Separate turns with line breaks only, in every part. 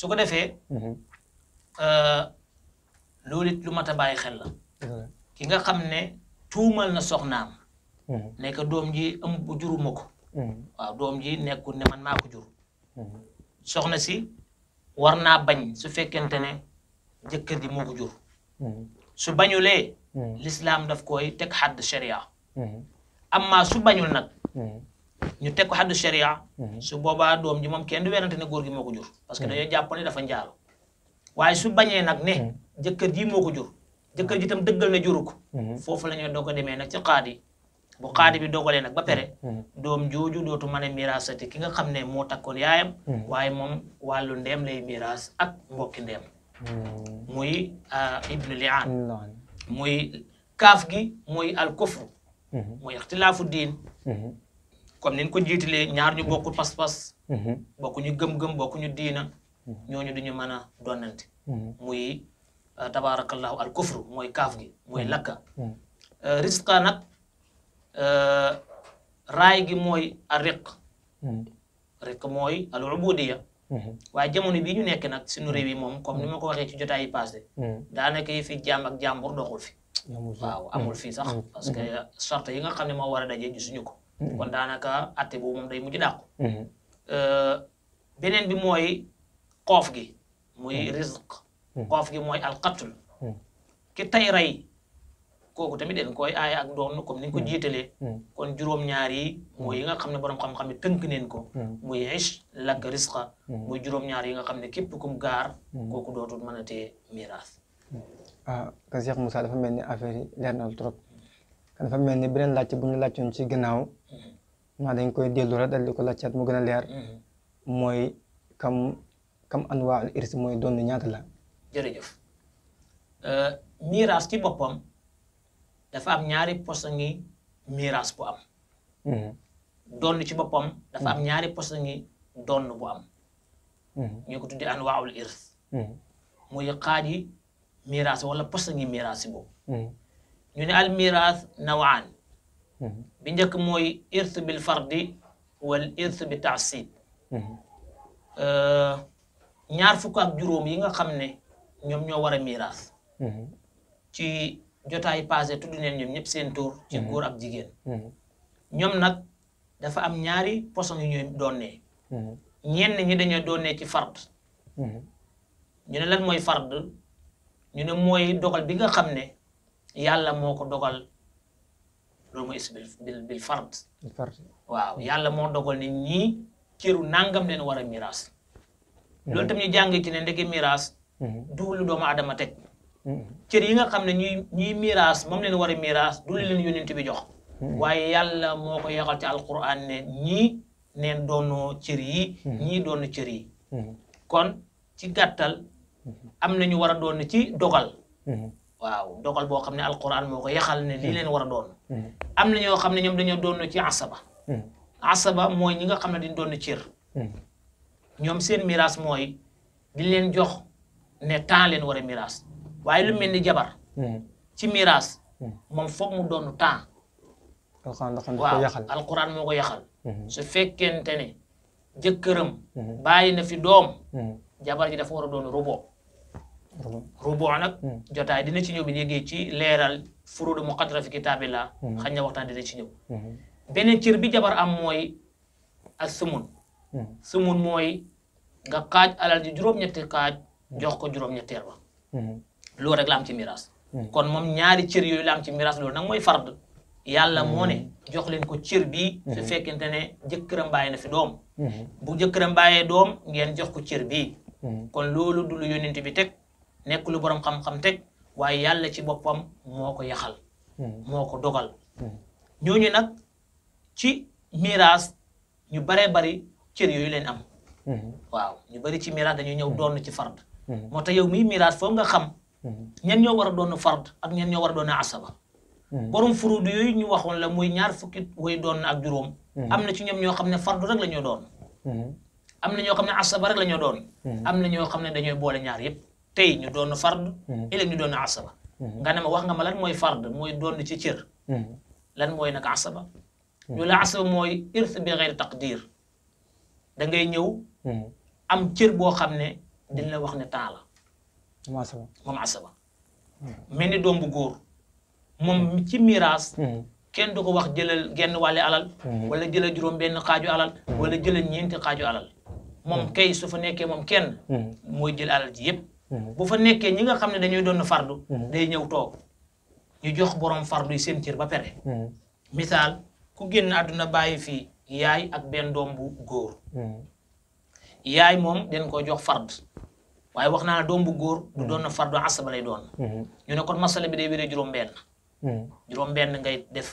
su ko defee. Mhm. Euh, loolu it lu mat a bàyyi xel la. ki nga xam ne tuumal na soxnaam. Mhm. nekk doom ji ëmb bu juruma ko. Mhm. waaw doom ji nekkul ne man maa ko jur. soxna si war naa bañ su fekkente ne jëkkër ji moo jur. su bañulee. lislaam daf koy teg xadd sharia. amma su bañul nag. ñu teg ko xaddu sharia mhm. su boobaa doom ji moom kenn du werante ne góor gi moo jur parce que mhm. dañoo jàpp ne dafa njaalu waaye su bañee nag ne mhm. jëkkër ji moo ko jur jëkkër ji tam dëggal ne juru ko foofu la ñuy doog a demee nag ci xaadi bu xaadi bi dogalee nag ba pere doom jooju dootu mën a miraasati ki nga xam ne moo takkoon yaayam waaye moom wàllu ndeem lay miraas ak mbokki ndeem muy ah, ibnu liaan muy kaaf gi muy al muy ixtilaafu diin comme ni ñu ko jiitalee ñaar ñu bokku pas-pas. Mhm. bokkuñu gëm-gëm bokkuñu diina. Mhm. ñooñu duñu mën a donante. Mhm. muy euh, tabaarakallahu al mooy kaaf gi mooy lakka. Euh, risqa nag euh, raay gi mooy ariq. riq mooy al ubudiya waaye jamono bii ñu nekk nag suñu réew yi moom comme ni ma ko waxee ci jotaay yi passé. daanaka yi fi jaam ak jàmbur doxul fi.
waaw amul fii sax. parce que
charte yi nga xam ne moo war a daje gisuñu ko. Mm-hmm. kon daanaka atte boobu moom day mujj dàqu. Mm-hmm. Euh, beneen bi mooy xoof gi. muy mm-hmm. risque. koof gi mooy alqatul. ki tay rey kooku tamit deen koy aaye ak doon comme ni ñu ko jiitalee. kon juróom ñaari yi. mooy yi nga xam ne borom xam-xam yi tënk neen ko. muy ish lak risqa. muy juróom-ñaar yi nga xam ne képp kum gaar. kooku dootul mën a tee miiraas.
ah Cheikh Moussa dafa mel ni affaire yi leer na trop. dafa mel ni beneen laajte bu ñu laajtoon ci ginnaaw naa dañ koy dellu rek dal ko laajtaat mu gën leer mm-hmm. mooy kam kam irs mooy doon ñaata la
jërëjëf euh, miraas ci boppam dafa am ñaari posa ngi miraas am mm-hmm. doon ci boppam dafa am mm-hmm. ñaari posa ngi doon bu am ñu ko tuddee anwaa al irs muy xaaj miraas wala posa ngi miraas ñu ne al miras nawaan mhm. bi njëkk mooy irs bil fardi wal irs bi taasib mhm. euh, ñaar fukk ak juróom yi nga xam ne ñoom ñoo war a miras mhm. ci jotaay passé tudd neen ñoom ñëpp seen tur ci góor ak jigéen ñoom nag dafa am ñaari poson yu ñuy doonnee ñenn ñi dañoo doonnee ci fard ñu ne lan mooy fard ñu ne mooy dogal bi nga xam ne yàlla moo ko dogal loolu mooy is bil fard waaw yàlla moo dogal ne ñii cëru nangam leen war a miraas mhm. loolu tam ñu jàng ci ne ndeke miraas mhm. du lu doomu adama teg mhm. cër yi nga xam ne ñuy ñuy miraas moom leen war a miraas du leen yónent bi jox waaye yàlla moo ko yaxal ci alquran ne ñii neen doonoo cër yi ñii doon cër yi kon ci gàttal am na ñu war a doon ci dogal waaw dogal boo xam ne alquran moo ko yaxal ne lii hmm. leen war a doon hmm. am na ñoo xam ne ñoom dañoo doon ci asaba hmm. asaba mooy ñi nga xam ne dañ doon cër ñoom seen miraas mooy di leen jox ne temps leen war a miraas waaye lu mel ni jabar ci miraas moom foog mu doon temps
waaw alquran
moo ko yaxal su fekkente ne jëkkëram bàyyi na fi doom jabar ji dafa war a doon robot rubu nag hmm. jotaay dina ci ñëw bi yéegee ci leeral furudu muqaddara fi kitaabillah hmm. xañ na waxtaan dina ci ñëw hmm. beneen cër bi jabar am mooy ak sumun sumun mooy nga xaaj alal ji juróom-ñetti xaaj jox ko juróom-ñetteel ba loolu rek la am ci miraas kon moom ñaari cër yooyu la am ci miraas loolu nag mooy fard yàlla moo ne jox leen ko cër bii su fekkente ne jëkkëram na fi doom bu jëkkëram doom ngeen jox ko cër bi kon loolu du lu yónnent bi teg nekk lu borom xam-xam teg waaye yàlla ci boppam moo ko yaxal. Hmm. moo ko dogal. Hmm. ñooñu nag ci miraas ñu baree bari cër yooyu leen am. Hmm. waaw ñu bari ci miraas dañuy ñëw doon ci fard. moo tax yow mii miraas foofu nga xam. ñen ñoo war a doon fard ak ñen ñoo war a doon asaba. borom furuud yooyu ñu waxoon la muy ñaar fukki way doon ak juróom. am na ci ñoom ñoo xam ne fardu rek la ñoo doon. am na ñoo xam ne asaba rek lañoo doon. am na ñoo xam ne dañooy boole ñaar yépp tey ñu doon fard hmm. ëllëg ñu doon asaba hmm. nga ne ma wax nga mooy fard mooy doon ci cër hmm. lan mooy nag asaba ñu la asaba mooy irth bi xeyr taqdir dangay ñëw am cër boo xam ne dina wax ne temps la moom asaba mel ni doom bu góor moom ci miraas kenn du ko wax jëlal genn wàlli alal wala jëlal juróom benn xaaju alal wala jëlal ñeenti xaaju alal moom kay su fa nekkee moom kenn mooy jël alal ji yépp Mhm. bu fa nekkee ñi nga xam ne dañuy doon fardu mhm. day ñëw toog ñu jox borom fardu yi seen cër ba pere mhm. misaal ku génn àdduna bàyyi fii yaay ak benn doom bu góor moom den ko jox fard waaye wax naa doom bu góor du doon na fardu asaba lay doon ñu ne kon masala bi day wéree juróom juróom benn ngay def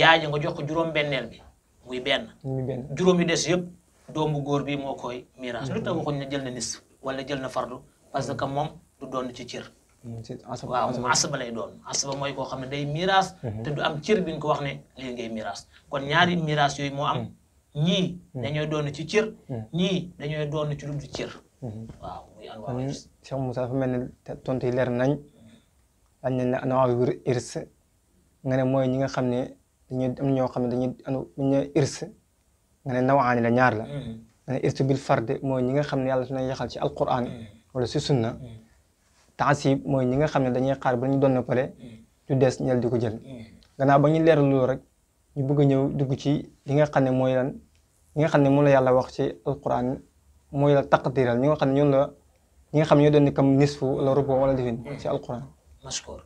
yaay ja nga jox ko juróom bi muy benn juróom des yëpp doom bu góor bi moo koy miraas lu tax waxuñ ne jël na nis wala jël na fardu parce que moom du doon ci cër. Mm, waaw moom asaba lay doon asaba mooy koo xam ne day miraas. Mm-hmm. te du am cër bi nga ko wax ne lii ngay miraas kon ñaari miraas yooyu moo am. Mm-hmm. ñii mm-hmm. dañooy doon ci cër. ñii dañooy doon ci lu dul cër. waaw muy
anwaaru irs. Cheikh Moussa dafa mel ne tontu yi leer nañ dañ ne ne anwaaru irs nga ne mooy ñi nga xam ne da am ñoo xam ne dañuy dañuy irs nga ne la nga ne irs bil farde mooy ñi nga xam ne yàlla dina yaxal ci alquran. wala ci sunna hmm. taasib moy ñi nga xamne dañuy xaar ba ñu doon na pare hmm. ñu dess ñal diko jël hmm. gannaaw ba ñu leral lu rek ñu bëgg ñew dugg ci li nga xamne moy lan li nga xamne ne la yalla wax ci alquran moy la taqdiral ñi nga xamne ñun la ñi nga xamne ne ñoo doon ni kam nisfu wala rubu wala defin ci alquran
mashkur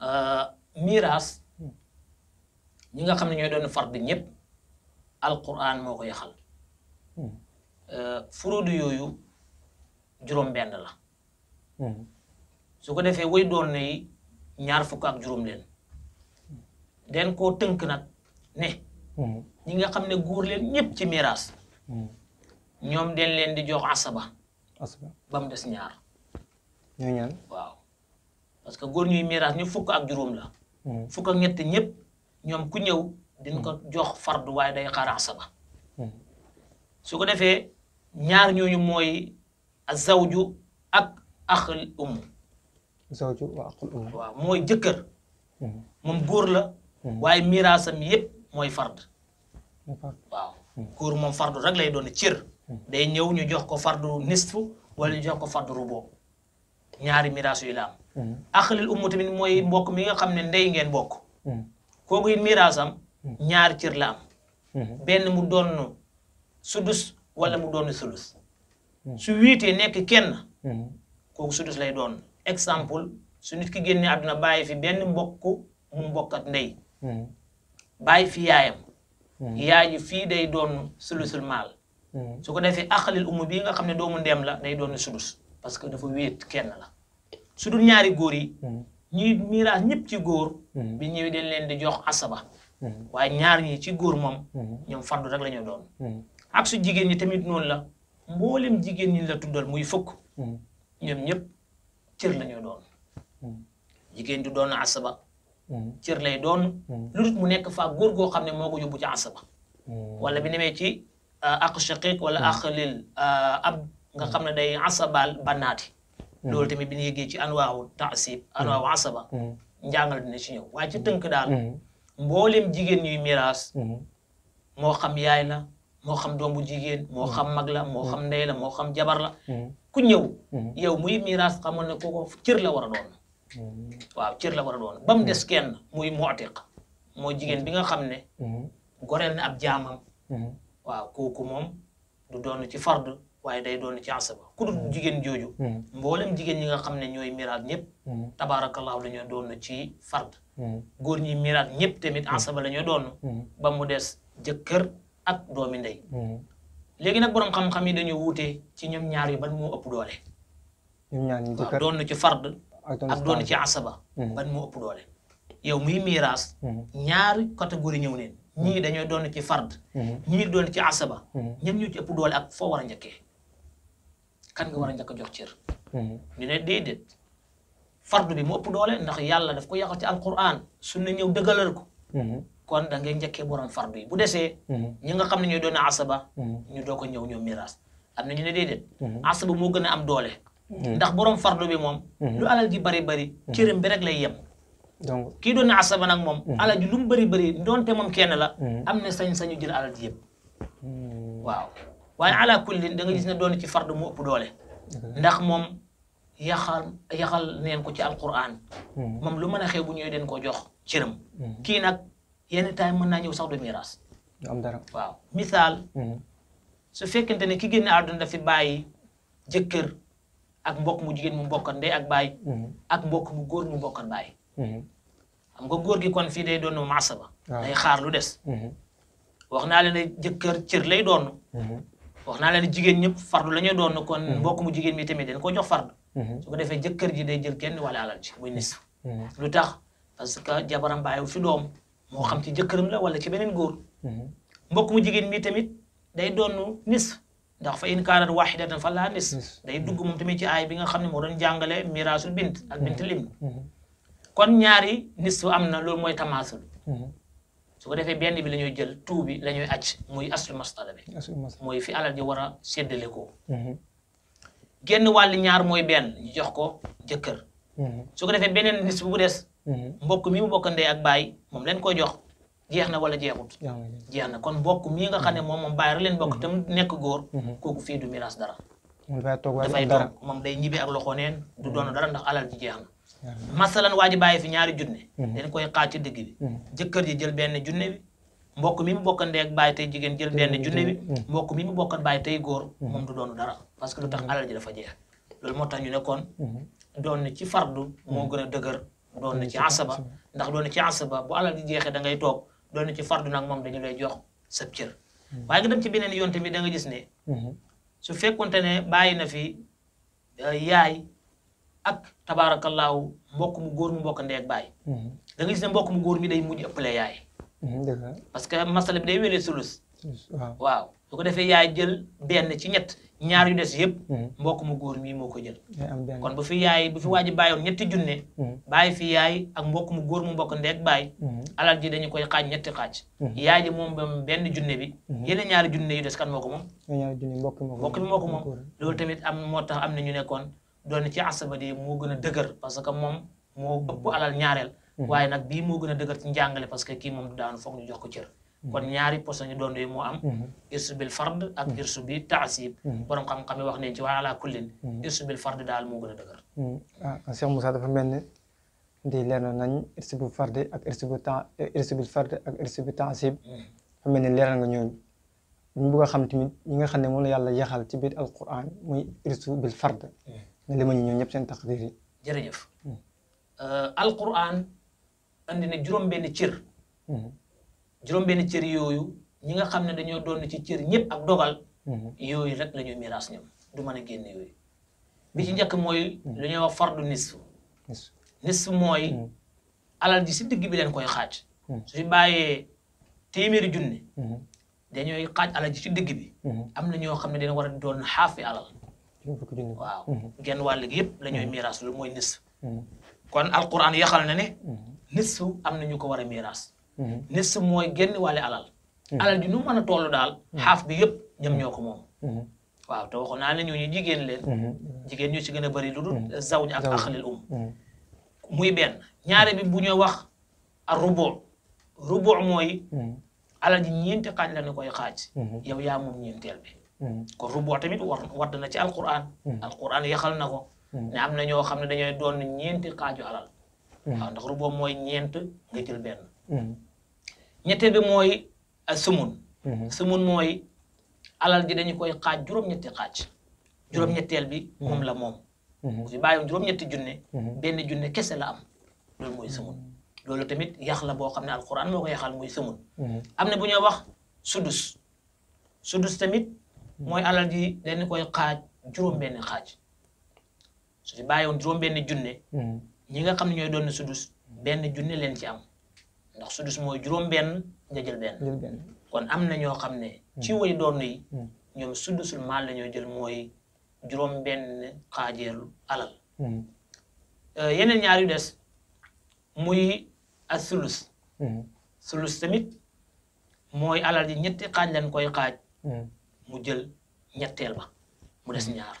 euh miras ñi nga xamne ne ñooy doon fard ñep alquran moko yaxal euh furudu yoyu juróom-benn la. Hmm. su ko defee woy doon na yi ñaar fukk ak juróom leen. den koo tënk nag ne. Hmm. ñi nga xam ne góor leen ñëpp ci miraas. Hmm. ñoom den leen di jox asaba. asaba ba mu des ñaar. ñu ñaan waaw parce que góor ñuy miraas ñu fukk ak juróom la. fukk ak ñett ñëpp ñoom ku ñëw. din ko jox fardu waaye day xaar asaba. su ko defee ñaar ñooñu mooy. الزوج أك أخ الأم زوج وأخ الأم موي جكر من غور لا واي ميراثا ييب موي فرد واو غور موم فرد رك لاي دوني تير داي نييو ني جوخ كو فرد نيستو ولا جوخ كو فرد روبو نياري ميراث يلا أخ الأم تمن موي بوك ميغا خامن ندي نين بوك كوغو ميراثام نياار تير لام بن مو دون سدس ولا مو دون ثلث Hmm. su wiitee nekk kenn hmm. kooku sudus lay doon exemple su nit ki génnee àdduna bàyyi fi benn mbokk mu mbokkat ndey hmm. bàyyi fi yaayam yaay ji fii day doon sulusul maal su ko defee axalil umu bii nga xam ne doomu ndeem la day doon sudus parce que dafa wéet kenn la su dul ñaari góor yi ñuy miraas ñëpp ci góor bi ñëwee dañ leen di jox asaba waaye ñaar ñi ci góor moom ñoom fardu rek la ñu doon ak su jigéen ñi tamit noonu la mbooleem jigéen ñi la tuddal muy fukk. Hmm. ñoom ñëpp cër la ñuy doon. Hmm. jigéen du doon asaba. Hmm. cër lay doon. lu dul mu nekk fa góor goo xam ne moo ko yóbbu ci asaba. wala bi demee ci euh, ak wala euh, nga xam ne day loolu tamit bi ñu ci anwaawu taasib anwaawu asaba. njàngal dina ci ñëw waaye ci tënk daal. mboolem jigéen ñuy miraas. moo xam yaay la. moo xam doom bu jigéen moo xam mag la moo xam ndey la moo xam jabar la mm. ku ñëw mm. yow muy miraas xamal ne kooku cër la war a doon mm. waaw cër la war a doon ba mu des kenn muy mu'tiq moo jigéen bi nga xam ne goreel na ab jaamam waaw kooku moom du doon ci fard waaye day doon ci asaba jigéen jooju mboolem jigéen ñi nga xam ne ñooy miraas ñëpp tabaarakallaahu la ñoo doon ci fard góor ñi miraas ñëpp tamit asaba la ñoo doon ba mu des jëkkër ak doomi ndey hmm. léegi nag borom xam-xam yi dañoo wuute ci ñoom ñaar yi ban moo ëpp doole waaw doon na ci fard ak doon na ci asaba hmm. ban moo ëpp doole yow muy miiras hmm. ñaari catégorie ñëw neen ñii dañoo doon ci fard ñii doon ci asaba ñan ñu ci ëpp doole ak foo war a njëkkee kan nga war a njëkk jox cër ñu ne déedéet fard bi mu ëpp doole ndax yàlla daf ko yàqal ci su sunna ñëw dëggalal ko kon da ngay njëkkee borom fardu yi bu desee mhm. ñu nga xam na ñooy doon asaba mhm. ñu doo ko ñëw ñoom miraas am na ñu ne déedéet mhm. asaba moo gën a am doole ndax boroom fardu bi moom lu alal ji bari bari cëram bi rek lay yem donc kii doon asaba nag moom alal ji lu mu bari bari doonte moom kenn la am na sañ-sañu jël alal yëpp waaw waaye ala kullin da nga gis ne doon ci fardu mu doole ndax moom yaxal yaxal neen ko ci alquran moom lu mën a xew bu ñëwee den ko jox cëram kii nag yenn temps mën naa ñëw sax du miiras. du am dara waaw misaal. Mhm. su fekkente ne ki génne àdduna dafi bàyyi jëkkër ak mbokk mu jigéen mu mbokkan ak baay. Mhm. ak mbokk mu góor mu mbokkan baay. Mhm. xam nga góor gi kon fii day doon maasaba. Ah. day xaar lu des. wax naa leen ne jëkkër cër lay doon. wax naa leen jigéen ñëpp fardu la ñuy doon kon mbokk mu jigéen mi tamit dañ ko jox fardu. su ko defee jëkkër ji day jël kenn wala alal ji muy lu tax parce que jabaram bàyyiwu fi doom. mo xam ci jëkkëram la wala ci benen góor mbokk mu jigéen mi tamit day donu nis ndax fa in kaanat waxidatan fa laa day dugg mom tamit ci ay bi nga xam mo doon jàngale mirasul bint ak bint lim kon ñaari nis am amna lool moy tamasul su ko defé benn bi lañuy jël tu bi lañuy acc muy aslu masala bi mooy fi alal ji wara seddelé ko génn wal ñaar moy benn jox ko jëkkër su ko defé benen nis bu dess Mhm. mbokk mi mu bokk ndey ak baay moom leen koy jox jeex na wala jeexut jeex na kon mbokk mii nga xam ne mhm. moom moom baay leen bokk tam mhm. nekk góor kooku fii du miraas dara dafay toog moom day ñibbi ak loxo neen du doon dara ndax alal ji jeex na masalan waa ji fi ñaari junne dañ koy xaaj ci dëgg ji jël benn junne mbokk mi mu bokkan ndey baay tey jigéen jël benn junne bi mbokk mi mu bokkan baay tey góor moom du doon dara parce que lu tax alal ji dafa jeex loolu moo tax ñu ne kon doon na ci fardu moo gën a dëgër doon na ci asaba ndax doon na ci asaba bu alal di jeexee da ngay toog doon na ci fardu nag moom dañu lay jox sa cër hmm. waaye nga dem ci beneen yoon tamit da nga gis ne hmm. su fekkonte ne bàyyi na fi uh, yaay ak tabaarakallaahu mbokk mu góor mu mbokk ndeeg bàyyi hmm. da nga gis ne mbokk mu góor mi day mujj ëppale yaay parce que masala bi day wélee sulus waaw su ko defee yaay jël benn ci ñett ñaar yu des yëpp hmm. mbokk mu góor mii moo ko jël kon bu fi yaay bu fi waa ji bàyyoon ñetti junne hmm. bàyyi fi yaay ak mbokk mu góor mu mbokk ndeeg bàyyi hmm. alal ji koy xaaj ñetti xaaj yaay moom bam junne bi yeneen ñaari junne yu des kan moo ko moom
mbokk bi moo ko moom
loolu tamit am moo tax am na ñu nekkoon doon ci asabadi moo gën a dëgër parce que moom moo ëpp alal ñaareel waaye nag bii moo gën a dëgër ci njàngale parce que kii moom du daanu foog ñu jox ko cër Mm-hmm. kon ñaari poson doon yi moo am mm-hmm. irsu bil fard ak mm-hmm. irsu bi taasib borom xam-xam yi wax nañ ci waaye ala kullin irsu bil fard daal moo gën a dëgër
ah Cheikh Moussa dafa mel ni di leer nañ irsu bu fard ak irsu bu fard ak irsu bi mel ni leeral nga ñooñu ñu bëgg a xam tamit ñi nga xam ne moom la yàlla yaxal ci biir alquran muy irsu bil fard nga limañu ñoo ñëpp seen taqdir yi
jërëjëf euh, alquran andi na juróom benn cër juróom benn cër yooyu ñi nga xam ne dañoo doon ci cër ñëpp ak dogal. Mhm. yooyu rek la ñuy miraas ñoom du mën a génn yooyu. bi ci mhm. njëkk mooy. Mhm. lu ñuy wax fardu nisf. nisf mooy. alal ji si digg bi leen koy xaaj. bàyyee téeméeri junne. dañooy xaaj alal digg bi. am na ñoo xam ne dina war a doon xaafi alal. waaw genn wàll gi yëpp la miraas lu mooy nisf. kon alquran yaxal na ne. nisf am na ñu ko war a miraas.
nis
mooy génn wàlle alal mm-hmm. alal ji nu mën a toll daal mm-hmm. xaaf bi yëpp ñoom ñoo ko moom mm-hmm. waaw te waxoon naa ne ñooñu jigéen leen jigéen ñu ci gën a bari lu dul zawj ak axlil um muy benn ñaare bi bu ñuy wax a rubu rubu mooy alal ji ñeenti xaaj la ñu koy xaaj moom ñeenteel bi kon rubu tamit war wadd na ci alquran alquran yaxal na ko am na ñoo xam ne dañooy doon ñeenti xaaju alal waaw ndax rubu mooy ñeent nga jël benn Mm-hmm. ñetteel bi mooy a euh, sumun. Mm-hmm. sumun mooy alal ji dañu koy xaaj juróom-ñetti xaaj. Mm-hmm. juróom-ñetteel bi. moom la moom. si fi bàyyoon juróom-ñetti junne. benn junne kese la am loolu mooy sumun. loolu tamit yax la boo xam ne alquran moo ko yaxal muy sumun. am na bu ñuy wax sudus. sudus tamit mooy alal ji dañu koy xaaj juróom-benn xaaj. su fi bàyyoon juróom-benn junne. ñi nga xam ne ñooy doon sudus benn junne leen ci am. ndax sudus mooy juróom-benn nga jël benn. kon am na ñoo xam ne. Hmm. ci way doon yi. Hmm. ñoom sudusul maal la ñoo jël mooy juróom-benn xaajeelu alal. Hmm. Euh, yeneen ñaar yu des muy a sulus. sulus tamit mooy alal yi ñetti xaaj lañ koy xaaj. mu jël ñetteel ba mu des ñaar.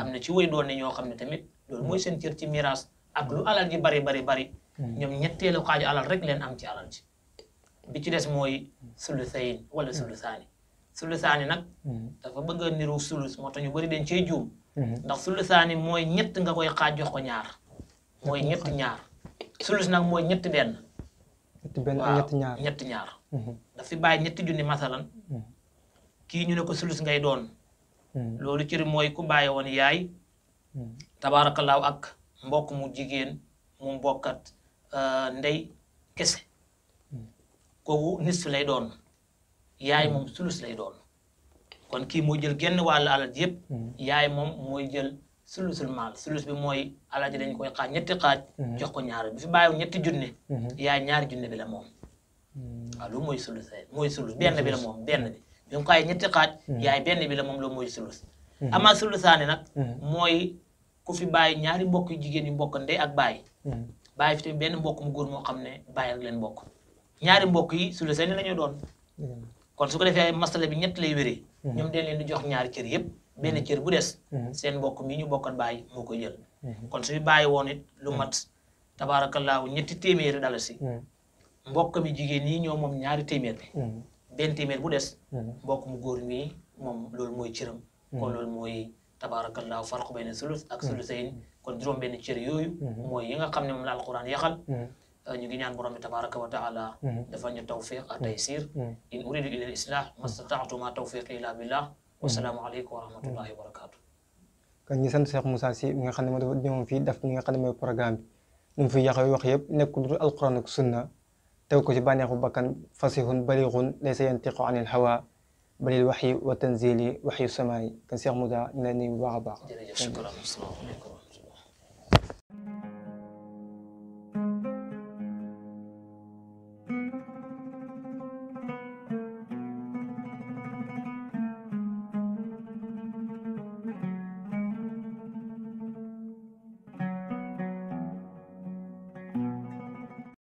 am na ci way doon yi ñoo xam ne tamit loolu mooy seen cër ci miraas ak lu alal ji bari bari bari. Hmm. ñoom ñetteelu xaaju alal rek leen am ci alal ci bi ci des mooy sulusayin wala hmm. sulusaani sulusaani nag hmm. dafa bëgg a niru sulus moo tax ñu bëri dañ cee juum ndax sulusaani mooy ñett nga koy xaaj jox ko ñaar mooy ñett ñaar sulus nag mooy ñett benn waaw ñett ñaar daf fi bàyyi ñetti junni masalan kii ñu ne ko sulus ngay doon loolu ci mooy ku bàyyi woon yaay law ak mbokk mu jigéen mu mbokkat Euh, ndey kese kooku nis fi lay doon yaay moom sulus lay doon kon kii mooy jël genn wàllu alal ji yëpp hmm. yaay moom mooy jël sulusul maal sulus bi mooy alal ji dañ koy xaaj ñetti xaaj hmm. jox ko ñaar bi ñetti junne hmm. yaay ñaari junne bi la moom waaw loolu mooy sulus mooy benn bi la moom benn bi bi mu xaaj ñetti benn bi la moom loolu mooy sulus amaa sulusaane nag mooy ku fi bàyyi ñaari mbokk jigéen yu mbokk ndey ak bàyyi bàyyi fi tamit benn mbokk mu góor moo xam ne bàyyi ak leen mbokk ñaari mbokk yi su la seen la ñu doon hmm. kon su ko defee masala bi ñett lay wéree hmm. ñoom dañ leen di jox ñaari cër yëpp benn hmm. cër bu des seen mbokk mii ñu bokkan bàyyi moo koy jël kon su bàyyi woon lu mat tabaarakallaahu ñetti téeméeri dalasi mbokk mi jigéen ñi ñoo moom ñaari téeméer bi benn téeméer bu des mbokk mu góor mii moom loolu mooy cëram kon loolu mooy tabarakallahu farq bayna sulus ak sulusayn kon juróom benn cër yooyu mooy yi nga xam ne moom la alquran yaxal
ñu
ngi ñaan borom bi tabaraka wa taala dafa ñu tawfiq a taysir in uridu ila lislah mastataatu ma tawfiq ila billah wasalaamu aleykum wa rahmatullahi wa barakatu
kon ñu sant Cheikh Moussa Sy mi nga xam ne moo dafa ñëwoon fii daf li nga xam ne mooy programme bi lu mu fi yaxoy wax yëpp nekk lu alquran ak sunna tew ko ci bànneexu bakkan fasihun balixun laysa yantiqu anil hawa بل الوحي والتنزيل وحي السماء كنسيغ مدى إلى نيم وعبا
شكرا السلام عليكم